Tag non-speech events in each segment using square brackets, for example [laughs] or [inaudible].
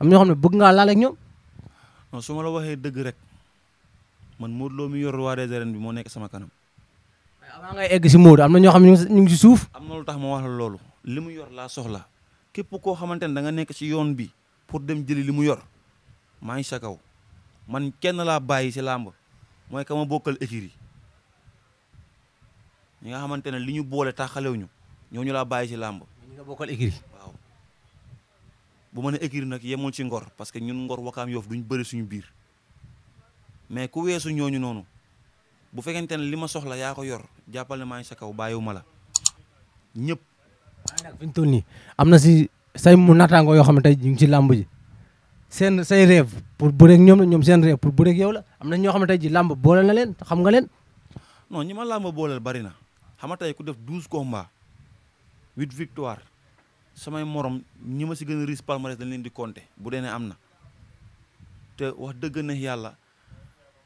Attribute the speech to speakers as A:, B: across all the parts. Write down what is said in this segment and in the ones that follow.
A: am ñoo xam ne bëgg ngaa laal ak ñoom.
B: su ma la waxee dëgg rek man Modou Lo mi yor roi des bi moo nekk sama kanam. avant egg si Modou am na ñoo xam ne ñu ngi si suuf. am na lu tax ma wax la loolu li mu yor laa soxla képp koo xamante ne da nga nekk si yoon bi pour dem jëli li mu yor maa ngi sa kaw man kenn laa bàyyi si làmb mooy ka ma bokkal écurie ñi nga xamante ne li ñu boole taxalewuñu ñooñu laa bàyyi si làmb. ñi nga bu ma ne écurie nag yemul ci ngor parce que ñun ngor wakaam yoof duñ bëri suñu biir mais ku weesu ñooñu noonu bu fekkente ne li ma soxla yaa ko yor jàppal ne maa ngi sa kaw ma la
A: ñëpp. waaye nag nii am na si say mu naataangoo yoo xam ne tay ñu ngi ci làmb ji seen say rêve pour bëreeg ñoom la ñoom seen rêve pour bëreeg yow la am na ñoo xam ne tey ji làmb boole na leen xam nga leen.
B: non ñi ma làmb booleel bari na xam nga tey ku def douze combats huit victoire samay morom ñi ma si gën a riche palmarès dañ leen di compter bu dee ne am na te wax dëgg ne yàlla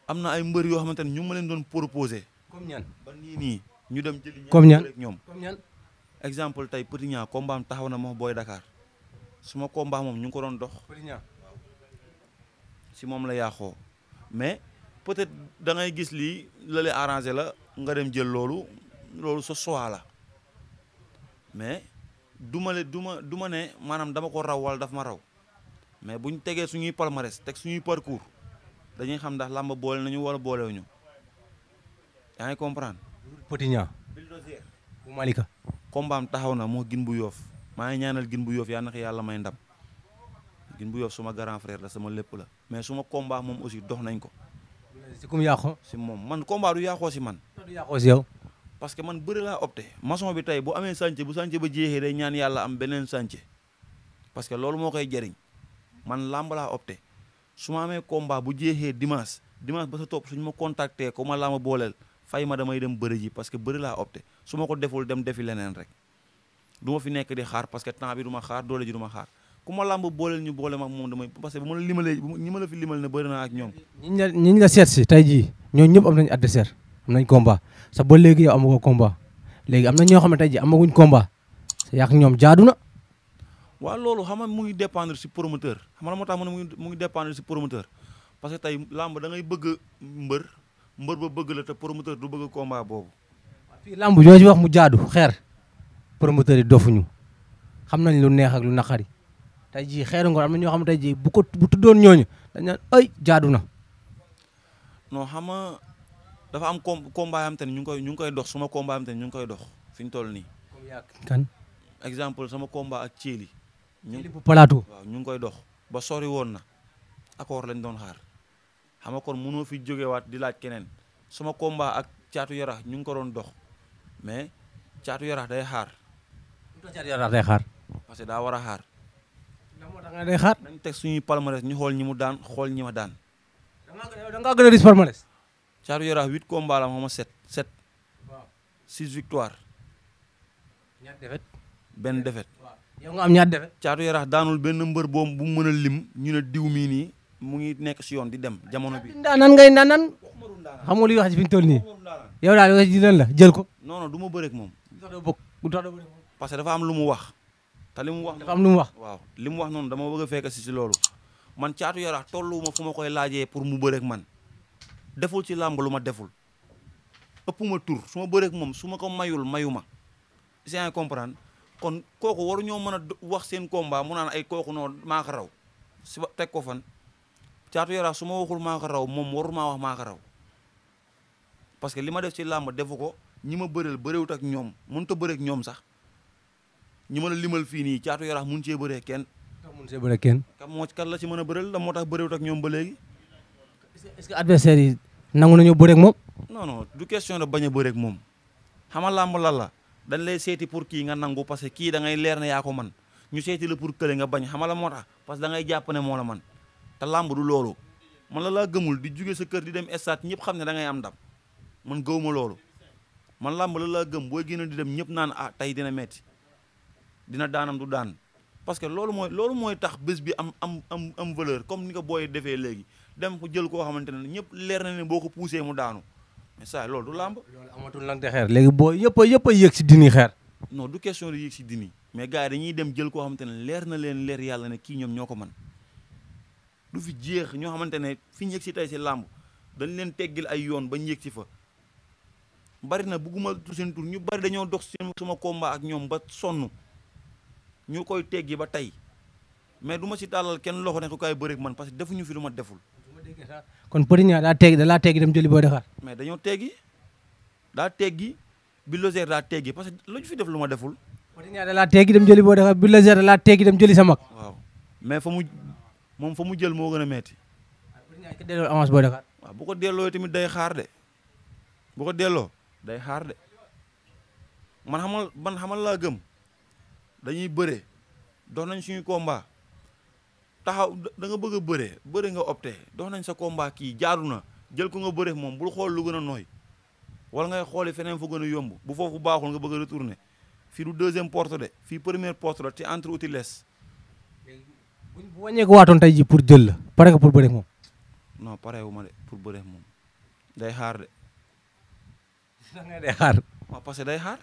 B: am na ay mbër yoo xamante ne ñu ma leen doon proposé. comme ñan ba nii ñu dem jël comme ñan ñoom. exemple tey Petit Niang combat am taxaw na ma booy Dakar suma combat moom ñu ngi ko doon dox. Petit si moom la yaaxoo mais peut-être da ngay gis lii la lay arrangé la nga dem jël loolu loolu sa choix la mais. du ma le du ma du ma ne maanaam dama ko raw wala daf ma raw mais bu ñu tegee suñuy palmarès teg suñuy parcours dañuy xam ndax làmb boole nañu wala boolewuñu ñu ngi comprendre. Petit Niang. Bulldozer kombaam taxaw na moo gin bu yoof maa ngi ñaanal gin bu yoof yaa nax yàlla may ndam gin bu yoof suma grand frère la sama lépp la mais suma kombaam moom aussi dox nañ ko. si kum yàqoo si moom man kombaam du yàqoo si man. parce que man bëri laa opté maçon bi tey bu amee chantier bu chantier ba jeexee day ñaan yàlla am beneen chantier parce que loolu moo koy jëriñ man làmb laa opté su ma amee combat bu jeexee dimanche dimanche ba sa topp suñu ma contacter ku ma làmb booleel fay ma damay dem bëri ji parce que bëri laa opté su ma ko deful dem defi leneen rek du ma fi nekk di xaar parce que temps bi du ma xaar doole ji du ma xaar ku ma làmb ñu boole ma ak moom damay parce que bu ma la limalee ñi ma la limal ne bëri naa ak ñoom.
A: tey jii ñooñu ñëpp am nañu adversaire am nañ combat sa ba léegi yow am na ñoo xam ne tey jii amaguñ komba sa yàq ñoom jaadu na.
B: waaw loolu xam nga mu ngi dépendre si promoteur xam nga moo tax na mu ngi dépendre si promoteur parce que tey làmb da ngay bëgg mbër mbër ba bëgg la te promoteur du bëgg combat boobu. fii làmb yooyu wax
A: mu jaadu xeer promoteur yi dofuñu xam nañ lu neex ak lu naqari tey jii xeeru ngoon am na ñoo xam ne tey ji bu ko bu tuddoon ñooñu dañ naan ay jaadu na.
B: non dafa am com combat yoo xam ñu ngi koy ñu ngi koy dox suma combat yoo xam te ñu ngi koy dox fi ñu toll nii. kan. exemple sama komba ak Thiéli. ñu ngi ñu ngi koy dox ba sori woon na accord lañ doon xaar xam nga kon mënoo fi jógewaat di laaj keneen suma combat ak caatu yara ñu ngi ko doon dox mais caatu yara day xaar. caatu yarax day xaar. parce que daa war a xaar. da nga day xaar. dañ teg suñuy palmarès ñu xool ñi mu daan xool ñi ma daan. a da Caatu Yaraax huit combats la xama set sept six victoire. ñaar defet benn defet. yow nga am ñaar defet. Caatu Yaraax daanul benn mbër boom bu mu mën a lim ñu ne diw mii nii mu ngi nekk si yoon di dem jamono bi. ndaanan ngay
A: ndaanan xam nga li wax ci fi ñu toll nii yow daal wax ji lan jël ko.
B: non du ma bëreeg moom. parce que dafa am lu mu wax. te li mu wax dafa am lu mu wax. waaw li mu wax noonu dama bëgg a fekk si si loolu man Caatu Yaraax tolluwuma fu ma koy laajee pour mu bëreeg man. deful ci làmb lu ma deful ëpp ma tur su ma bëreek moom su ma ko mayul mayu ma c'est à comprendre kon kooku waruñoo mën a wax seen combat mu naan ay kooku noonu maa ko raw si teg ko fan caatu yaraax su ma waxul maa ko raw moom warul maa wax maa ko raw parce que li ma def ci làmb defu ko ñi ma bëreel bëreewut ak ñoom mënut a bëreek ñoom sax ñi ma la limal fii nii caatu yaraax mun cee bëree kenn. mun cee bëree kenn. kan moo kan la ci mën a bëreel la moo tax bëreewut ak ñoom ba léegi.
A: est-ce que adversaire yi nangu nañu bëreeg moom.
B: non non du question de bañ a bëreeg moom xama làmb la la dañ lay seeti pour kii nga nangu parce que kii da ngay leer ne yaa ko man ñu seeti la pour kële nga bañ xama la moo tax parce que da ngay jàpp ne moo la man te làmb du loolu man la laa gëmul di jóge sa kër di dem stade ñëpp xam ne da ngay am ndam man gëwuma loolu man làmb la laa gëm booy génn di dem ñëpp naan ah tey dina metti dina daanam du daan parce que loolu mooy loolu mooy tax bés bi am am am am comme ni ko booy defee léegi dem ko jël koo xamante ne ñëpp leer na ne boo ko poussé mu daanu mais ça loolu du làmb. loolu amatul nag de
A: léegi boo yëpp yëpp yëg si dini xeer.
B: non du question de yëg si dini mais gars dañuy dem jël koo xamante ne leer na leen leer yàlla ne kii ñoom ñoo ko mën du fi jeex ñoo xamante ne fi ñu yëg si tey si làmb dañ leen teggil ay yoon ba ñu yëg si fa. bari na bugguma seen tur ñu bari dañoo dox seen komba ak ñoom ba sonn ñu koy teggi ba tey mais du ma si tàllal kenn loxo ne ko kaay bëreeg man parce que defuñu fi lu ma deful.
A: kon Petit Niang daa teegi da laa teegi dem jëli boo Dakar
B: mais dañoo teegi daa teegi bi loger daa teegi parce que lu fi def lu ma deful Petit Niang da
A: laa teegi dam jëli boo Dakar bi loger da laa teegi dem jëli sa mag
B: waaw mais fa mu moom fa mu jël moo gën a metti Petit Niang ko delloo avance booy Dakar waaw day xaar de bu ko delloo day xaar de man xamal man xamal laa gëm dañuy bëre dox nañ suñu combat taxaw danga nga bëgg a bëre bëre nga opte dox nañ sa combat kii jaaru na jël ko nga bëre moom bul xool lu gën a nooy wala ngay xooli feneen fu yomb bu foofu baaxul nga bëgg a retourner fii du deuxième porte de fii première porte la ti entre outil les.
A: buñ bu wàññeeku waatoon tey jii pour jël la pare nga pour bëre moom.
B: noo pare wu ma de pour bëre moom day xaar de. [laughs] da ngay day xaar. waaw parce que day xaar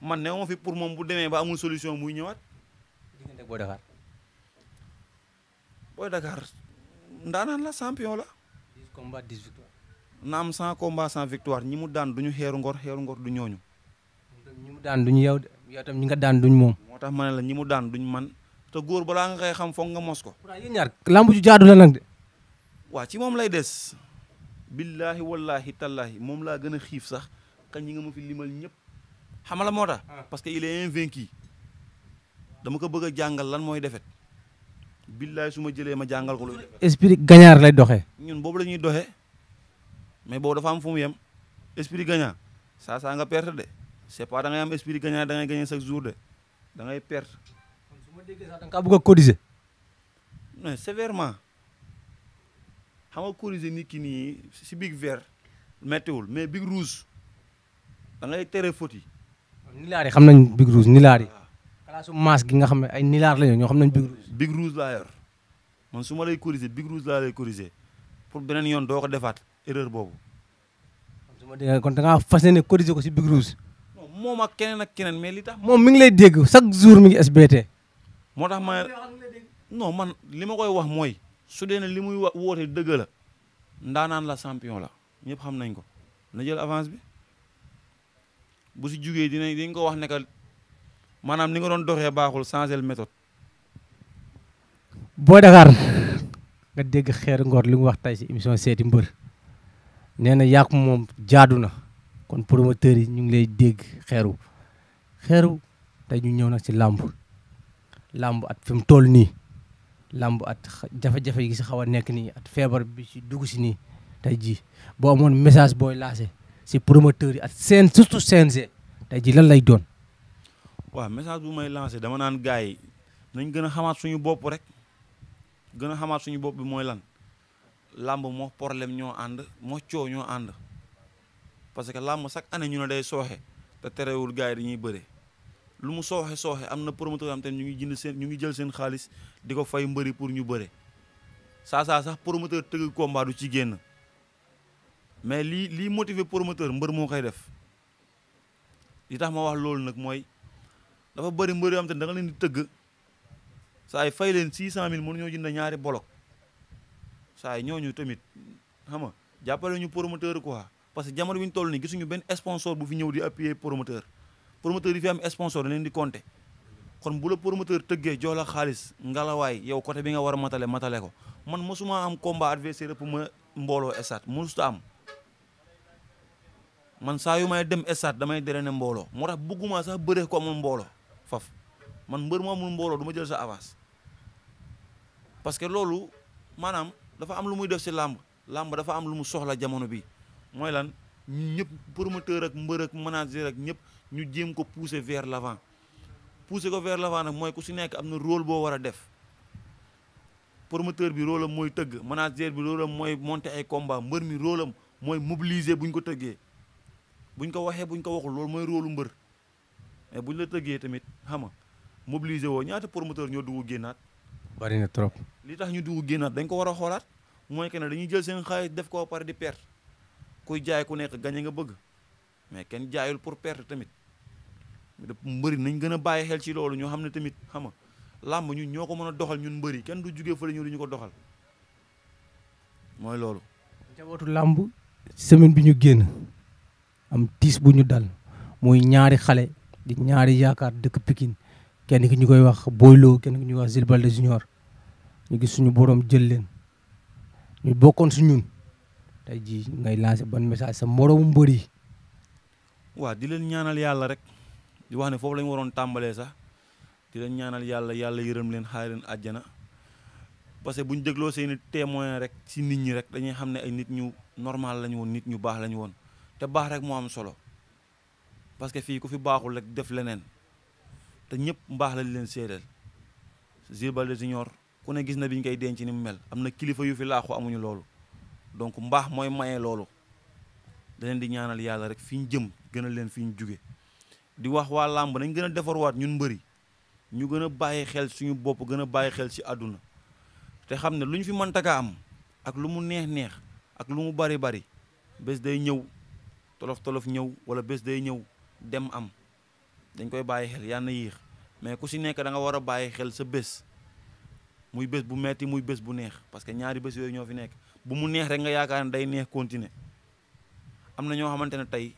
B: man ne ma fi pour moom bu demee ba amul solution muy ñëwaat. diggante boo defar. Boy Dakar ndaanaan la champion la. 10 combats 10 victoires. naam 100 combats 100 victoire ñi mu daan du ñu xeeru ngor xeeru ngor du ñooñu. ñi mu daan du ñu yow yow tam ñi nga daan duñ moom. moo tax ma ne la ñi mu daan duñ man te góor balaa nga koy xam foog nga mos ko. pourtant yéen ñaar lamb ju jaadu la nag de. waa ci moom lay des. billahi wallahi tallahi moom laa gën a xiif sax kañ ñi nga ma fi limal ñëpp. xamala moo tax. Ah. parce que il est invaincu. dama ko bëgg a jàngal lan mooy defet billaay su ma jëlee ma jàngal ko loolu.
A: esprit gagnant lay doxe
B: ñun boobu la ñuy doxee mais boobu dafa am fu yem esprit gagnant saa saa nga perte de c'est pas dangay am esprit gagnant da ngay gagner chaque jour de da ngay perte. kon su ma déggee sax bëgg a cotiser. non sévèrement xam nga cotiser nit ki nii si big vert méttiwul mais big rouge dangay tere foti yi. nilaari xam nañ big rouge nilaari. su maas gi nga xam
A: ne ay nilaar lañu ñoo xam nañ big rouge
B: big rouge laa yor man su lay corriger big rouge laa lay corriger pour beneen yoon doo ko defaat erreur boobu
A: su ma dégg kon da ngaa fas ne corriger ko si big rouge
B: non moom ak keneen a keneen mais li tax
A: moom mi ngi lay dégg chaque jour mi ngi SBT
B: moo tax ma non man li ma koy wax mooy su dee ne li muy wa woote dëgg la ndaanaan la champion la ñëpp xam nañ ko na avance bi bu si jugee dinañ dañ ko wax ne maanaam ni nga doon doxee baaxul changer méthode.
A: boo Dakar nga dégg xeeru ngor li mu wax tey si émission seeti mbër nee na yàqu moom jaadu na kon promoteurs yi ñu ngi lay dégg xeeru xeeru tey ñu ñëw nag si làmb làmb at fi mu toll nii làmb at jafe-jafe yi si xaw a nekk nii at feebar bi si dugg si nii tey ji boo amoon message booy laase si promoteurs yi at seen surtout CNG tey jii lan lay doon.
B: waaw message bu may lancé dama naan gaay yi nañ gën a xamaat suñu bopp rek gën a xamaat suñu bopp bi mooy lan làmb moo problème ñoo ànd moo coow ñoo ànd parce que làmb chaque année ñu ne day sooxe te terewul gars yi dañuy bëre lu mu sooxe sooxe am na promoteur am te ñu ngi jënd seen ñu ngi jël seen xaalis di ko fay mbëri pour ñu bëre saa saa sax promoteur tëgg combat du ci génn mais lii lii motiver promoteur mbër moo koy def li tax ma wax loolu nag mooy. dafa bëri mbër yoo xam te ne leen di tëgg saa fay leen six cent mille mënu ñoo jënd ñaari bolok saa yi ñooñu tamit xam nga jàppale ñu promoteur quoi parce que jamono bi ñu toll nii gisuñu benn sponsor bu fi ñëw di appuyer promoteur promoteur yi fi am leen di compter kon bu la promoteur tëggee jox xaalis ngalawaay yow côté bi nga war a matale matale ko man mosuma am combat adversaire pour ma mbooloo estat mosuta am man saa yu may dem estate damay drainer mbooloo moo tax buggumaa sax bëree ko amul mbooloo faf man mbër mu amul mbooloo du jël sa avance parce que loolu maanaam dafa am lu muy def si làmb làmb dafa am lu mu soxla jamono bi mooy lan ñëpp promoteur ak mbër ak manager ak ñëpp ñu jéem ko pousser vers l'avant pousser ko vers l'avant nag mooy ku si nekk am na rôle boo war a def promoteur bi rôle am mooy tëgg manager bi rôle am mooy monter ay combat mbër mi rôle am mooy mobiliser buñ ko tëggee buñ ko waxee buñ ko waxul loolu mooy rôle mbër mais bu ñu la tëggee tamit xam nga mobiliser woo ñaata promoteur ñoo dugg génnaat. bari na trop. li tax ñu dugg génnaat dañ ko war a xoolaat mooy que ne dañuy jël seen xaalis def ko par di perte kuy ku nekk gañe nga bëgg mais kenn jaayul pour perte tamit mbëri nañ gën a bàyyi xel ci loolu ñoo xam ne tamit xam nga làmb ñun ñoo ko mën a doxal ñun mbëri kenn du jugee fële ñu du ñu ko doxal mooy loolu. njabootu
A: làmb semaine bi ñu génn am tiis bu ñu dal mooy ñaari xale. di ñaari yaakaar dëkk Pikine kenn ki ñu koy wax Boylo kenn ki ñu koy wax Zilbalde Junior ñu gis suñu borom jël leen ñu bokkoon su ñun tey jii ngay lancé ban message sa moromu mbër yi.
B: waa di leen ñaanal yàlla rek di wax ne foofu la waroon tàmbalee sax di leen ñaanal yàlla yàlla yërëm leen xaar leen àjjana parce que bu ñu dégloo seeni témoin rek si nit ñi rek dañuy xam ne ay nit ñu normal lañu woon nit ñu baax lañu woon te baax rek moo am solo. parce que fii ku fi baaxul rek def leneen te ñëpp mbaax lañ leen séeréel Jules Baldé Junior ku ne gis na biñ koy denc ni mu mel am na kilifa yu fi laaxu amuñu loolu donc mbaax mooy maye loolu daleen di ñaanal yàlla rek fi ñu jëm gën leen fi ñu juge di wax waa làmb nañ gën a defarwaat ñun mbëri ñu gën a bàyyi xel suñu bopp gën a bàyyi xel si àdduna te xam ne lu ñu fi mëntaka am ak lu mu neex neex ak lu mu bari bari bés day ñëw tolof tolof ñëw wala bés day ñëw dem am dañ koy bàyyi xel yàlla yéex mais ku si nekk da nga war a bàyyi xel sa bés muy bés bu metti muy bés bu neex parce que ñaari bés yooyu ñoo fi nekk bu mu neex rek nga yaakaar ne day neex continuer am na ñoo xamante ne tey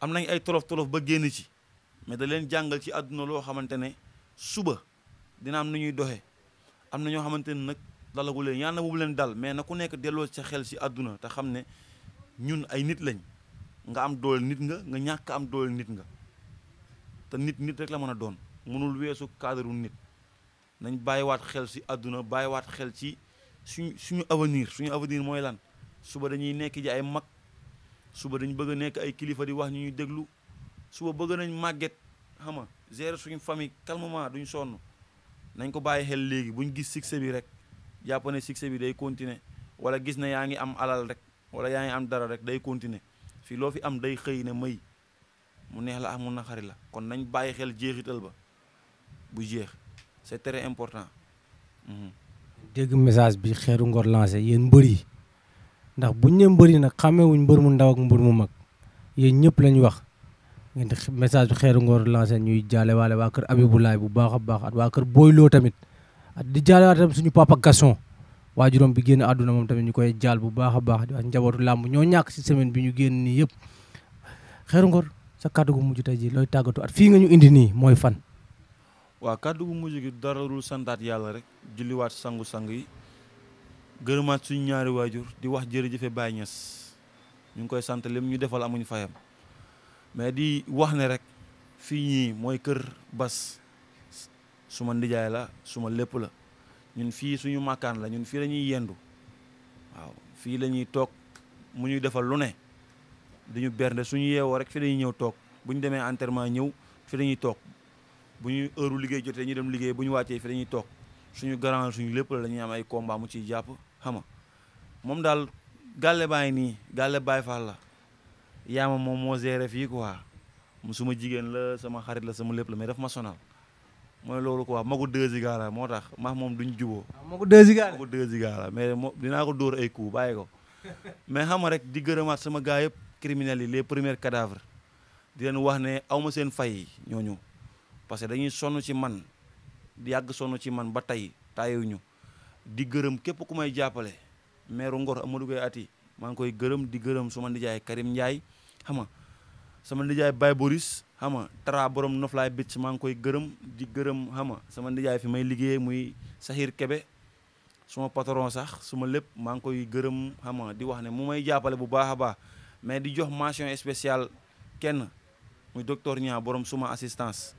B: am nañ ay tolof ba génn ci mais da leen jàngal ci àdduna loo xamante ne suba dina am nu ñuy doxee am na ñoo xamante ne nag dalagu leen yàlla na bu leen dal mais na ku nekk delloo sa xel si àdduna te xam ne ñun ay nit lañ. nga am doole nit nga nga ñàkk am doole nit nga te nit nit rek la mën a doon mënul weesu cadre nit nañ bàyyiwaat xel si àdduna bàyyiwaat xel ci suñ suñu avenir suñu avenir mooy lan suba dañuy nekk ji ay mag suba dañu bëgg a nekk ay kilifa di wax ñu ñu déglu suba bëgg nañ màgget xam nga suñu famille calmement duñ sonn nañ ko bàyyi xel léegi buñ gis succès bi rek jàpp ne succès bi day continuer wala gis na yaa ngi am alal rek wala yaa ngi am dara rek day continuer fii loo fi am day xëy ne may mu neex la ah mu naqari la kon nañ bàyyi xel jeexital ba bu jeex c'est très important. Mhm.
A: dégg message bi xeeru ngor lancé yéen mbër yi ndax buñ ne mbër yi nag xàmmewuñ mbër mu ndaw ak mbër mu mag yéen ñëpp lañ wax ngeen message bi xeeru ngor lancé ñuy jaalewaale waa kër Abibulaay bu baax a baax at waa kër booy loo tamit at di jaalewaale tamit suñu papa Gasson waajuram bi génn àdduna moom tamit ñu koy jaal bu baax a baax di wax njabootu làmb ñoo ñàkk si semaine bi ñu génn nii yëpp Xeeru Ngor sa kàddu gu mujj tey ji looy tàggatu at fii nga ñu indi nii mooy fan
B: waaw kàddu gu mujj gi dara dul santaat yàlla rek julliwaat sangu sangu yi gërëmaat suñu ñaari waajur di wax jërëjëfe Baay Ñas ñu ngi koy santa lim ñu defal amuñu fayam mais di wax ne rek fii ñii mooy kër Bas suma ndijaay la suma lépp la ñun fii suñu màkkaan la ñun fii lañuy ñuy yendu waaw fii lañuy toog mu ñuy defal lu ne duñu bernde suñu yewoo rek fi lañuy ñëw toog bu ñu demee enterrement ñëw fi la ñuy toog bu ñu heure liggéey jotee ñu dem liggéey bu ñu wàccee fi lañuy ñuy toog suñu garant su lépp la dañuy am ay combat mu ciy jàpp xama moom daal gàlle baay nii gàlle baay faal la yaama moom moo géré fii quoi mu suma jigéen la sama xarit la sama lépp la mais daf ma sonal mooy loolu ko magu deux Ziga la moo tax max moom duñ juboo ah, magu deux Ziga la mais moom dinaa ko dóor ay coups bàyyi ko [laughs] mais xam nga rek di gërëmaat sama gars yëpp criminels yi les premiers cadavres di leen wax ne awma seen fay ñooñu parce que dañuy sonn ci man di yàgg sonn ci man ba tey ñu di gërëm képp ku may jàppale maire Ngor Amadou Gueye Aty maa ngi koy gërëm di gërëm suma nijaay Karim Ndiaye xama sama nijaay Baye Boris xam nga Tra borom Noflaay Beach maa ngi koy gërëm di gërëm xam sama nijaay fi may liggéeyee muy Sahir Kebe suma patron sax suma lépp maa ngi koy gërëm xam di wax ne mu may jàppale bu baax a mais di jox mention spéciale kenn muy docteur Niang borom suma assistance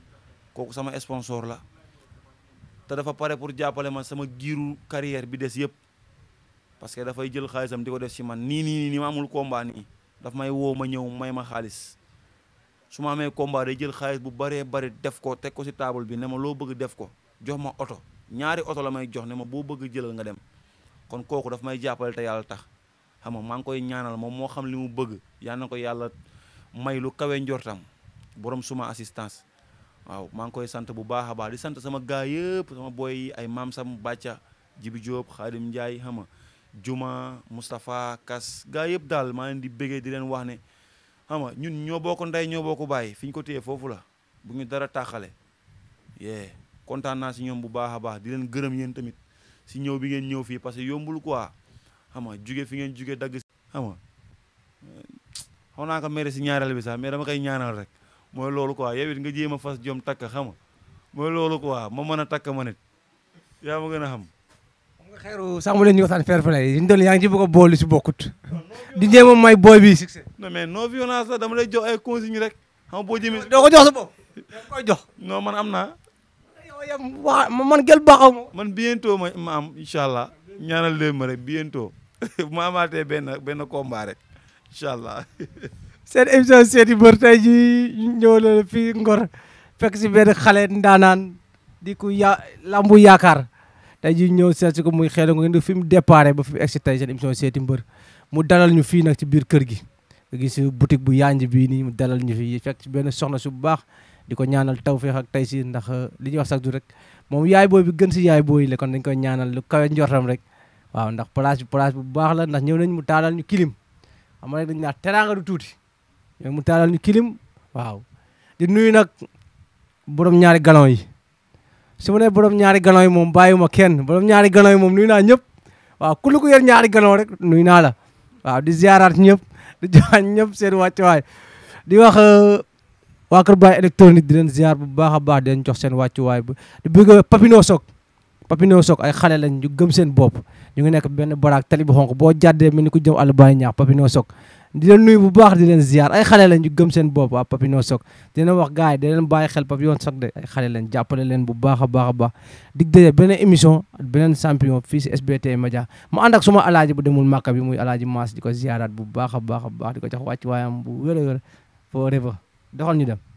B: kooku sama sponsor la te dafa pare pour jàppale ma sama giiru carrière bi des yëpp parce que dafay jël xaalisam di ko def si man nii nii nii ma amul combat nii daf may woo ma ñëw may ma xaalis su ma amee combat day jël xaalis bu baree bari def ko teg ko si table bi ne ma loo bëgg def ko jox ma oto ñaari oto la may jox ne ma boo bëgg jëlal nga dem kon kooku daf may jàppale te yàlla tax xam nga maa ngi koy ñaanal moom moo xam li mu bëgg yal na ko yàlla may lu kawe njortam borom suma waaw maa ngi koy sant bu baax a baax di sant sama gaa yëpp sama booy yi ay maam sam bàcca Jibi Diop Xaadim Ndiaye xam nga Juma Moustapha Kas gaa yëpp daal maa leen di bëggee di leen wax ne. xam nga ñun ñoo bokk ndey ñoo bokk bàyyi fi ñu ko téye foofu la bu ñu dara tàqale yee kontaan naa si ñoom bu baax a baax di leen gërëm yéen tamit si ñëw bi ngeen ñëw fii parce que yombul ko xam nga juge fi ngeen juge dagg xam nga eh, xaw naa ko mere si ñaareel bi sax mais dama kay ñaanal rek mooy loolu quoi yow it nga jéem a fas jom takk xam nga mooy loolu ko waa ma mën a takk ma nit yaa ma gën a xam xeeru sax mu leen
A: ñu waxtaan fair yi ñu doon yaa ngi ci boolu si bokkut. di jéem a may booy bi succès.
B: non mais non violence la dama lay jox ay consigne rek xam nga boo jëmee. doo jox sa bopp doo koy man am man gel baaxaw ma. man bientôt ma ma am incha allah ñaanal leen ma rek bientôt bu [laughs] ma amaatee benn benn combat rek incha allah. [laughs]
A: seen émission seeti bër tey jii ñëw na Ngor fekk si benn xale ndaanaan di ku ya lambu yaakaar. tey ji ñëw seet si ko muy xeele nga ngi fi mu déparé ba fi mu egsi tey seen émission seeti mbër mu dalal ñu fi nag ci biir kër gi nga gis boutique bu yaanj bii nii mu dalal ñu fi fekk ci benn soxna su baax di ko ñaanal fee ak tey si ndax euh, li ñuy wax sax du rek moom yaay booy bi gën si yaay booy la kon dañ koy ñaanal lu kawe njortam rek waaw ndax place bi bu baax la ndax ñëw nañ mu taalal ñu kilim xam rek dañ naan teraanga tuuti mu taalal ñu kilim waaw di nuyu nag borom ñaari galon yi su ma nee borom ñaari galon yi moom bàyyiwuma kenn borom ñaari galon yi moom nuyu naa ñëpp waaw ku lu ñaari galon rek nuyu naa la waaw di ziaraat ñëpp [laughs] di joxaat ñëpp seen wàccuwaay di wax uh, waa Kër Baye électronique di leen ziar bu baax a baax di leen jox seen wàccuwaay bu di bëgg Papino Sok Papino Sok ay xale lañ ñu gëm seen bopp ñu ngi nekk benn baraak tali bu xonk boo jàddee mel ni ku jëm àll bàyyi ñaax Papino Sok di leen nuyu bu baax di leen ziar ay xale lañ ñu gëm seen bopp waa Papino Sock dina wax gars yi di leen bàyyi xel Papino Sock de ay xale lañ jàppale leen bu baax a baax a baax dig daje beneen émission ak beneen champion fii si SBT Média mu ànd ak suma alaaji bu demul màkka bi muy alaaji Maas di ko ziaraat bu baax a baax a baax di ko jox wàcc waayam bu wér a wér forever doxal ñu dem